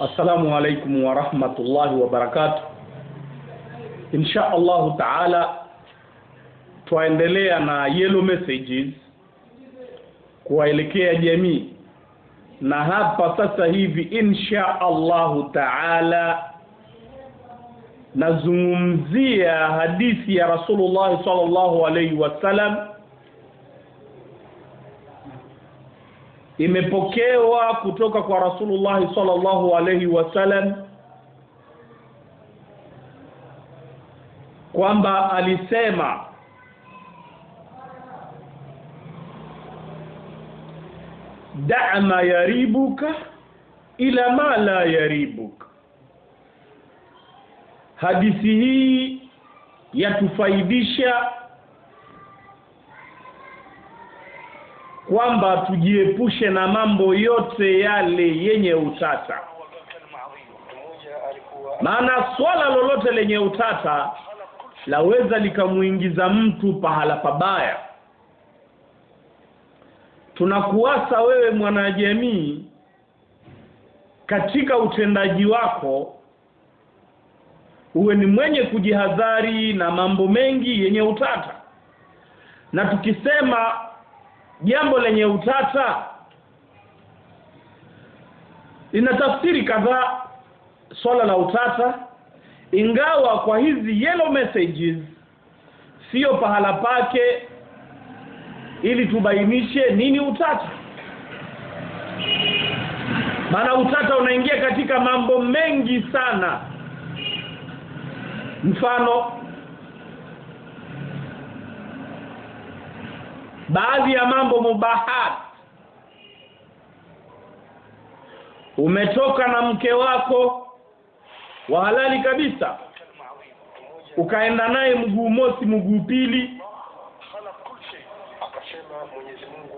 assalamu alaikum warahmatullahi wabarakatu. Insha allahu taala twaendelea na yellow messages kuwaelekea jamii, na hapa sasa hivi insha allahu taala nazungumzia hadithi ya Rasulullah sallallahu alaihi wasallam imepokewa kutoka kwa Rasulullah sallallahu alaihi wasallam kwamba alisema dama ma yaribuka ila ma la yaribuka hadithi hii yatufaidisha kwamba tujiepushe na mambo yote yale yenye utata maana swala lolote lenye utata laweza likamuingiza mtu pahala pabaya tunakuasa wewe mwanajamii katika utendaji wako uwe ni mwenye kujihadhari na mambo mengi yenye utata na tukisema jambo lenye utata lina tafsiri kadhaa swala la utata ingawa kwa hizi yellow messages sio pahala pake ili tubainishe nini utata maana utata unaingia katika mambo mengi sana mfano baadhi ya mambo mubahat umetoka na mke wako wa halali kabisa ukaenda naye mguu mosi mguu pili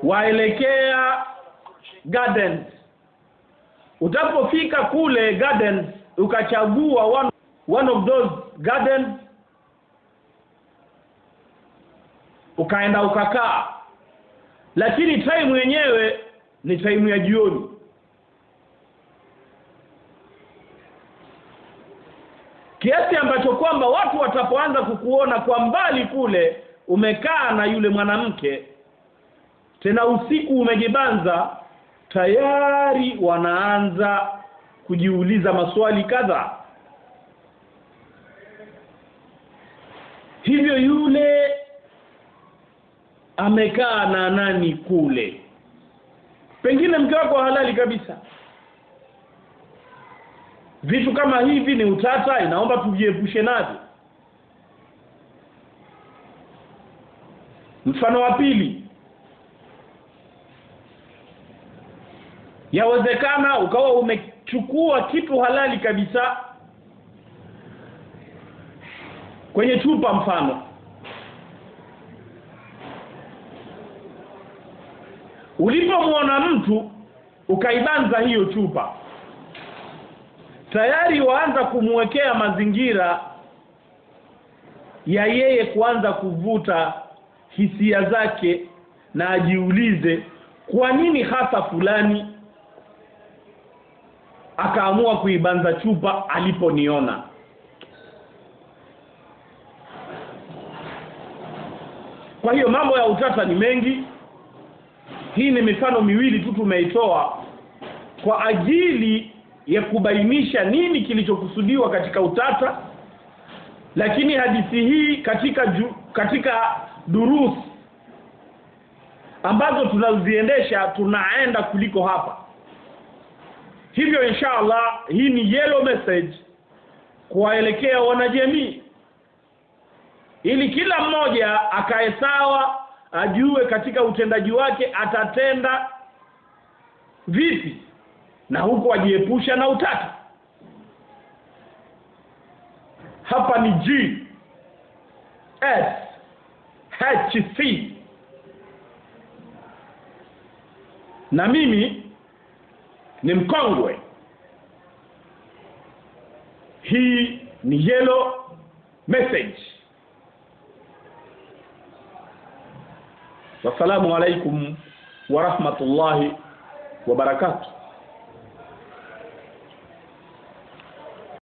waelekea gardens utapofika kule gardens ukachagua one, one of those gardens ukaenda ukakaa lakini time yenyewe ni time ya jioni kiasi ambacho kwamba watu watapoanza kukuona kwa mbali kule umekaa na yule mwanamke tena usiku umejibanza tayari wanaanza kujiuliza maswali kadhaa hivyo yule amekaa na nani kule pengine mke wako halali kabisa vitu kama hivi ni utata inaomba tujiepushe navyo mfano wa pili yawezekana ukawa umechukua kitu halali kabisa kwenye chupa mfano ulipomwona mtu ukaibanza hiyo chupa tayari waanza kumwekea mazingira ya yeye kuanza kuvuta hisia zake na ajiulize kwa nini hasa fulani akaamua kuibanza chupa aliponiona kwa hiyo mambo ya utata ni mengi hii ni mifano miwili tu tumeitoa kwa ajili ya kubainisha nini kilichokusudiwa katika utata, lakini hadithi hii katika ju, katika durus ambazo tunaziendesha tunaenda kuliko hapa. Hivyo inshallah, hii ni yellow message kuwaelekea wanajamii, ili kila mmoja akae sawa ajue katika utendaji wake atatenda vipi na huko ajiepusha na utata hapa ni G S H C na mimi ni mkongwe hii ni yellow message wassalamu alaikum warahmatullahi wabarakatuh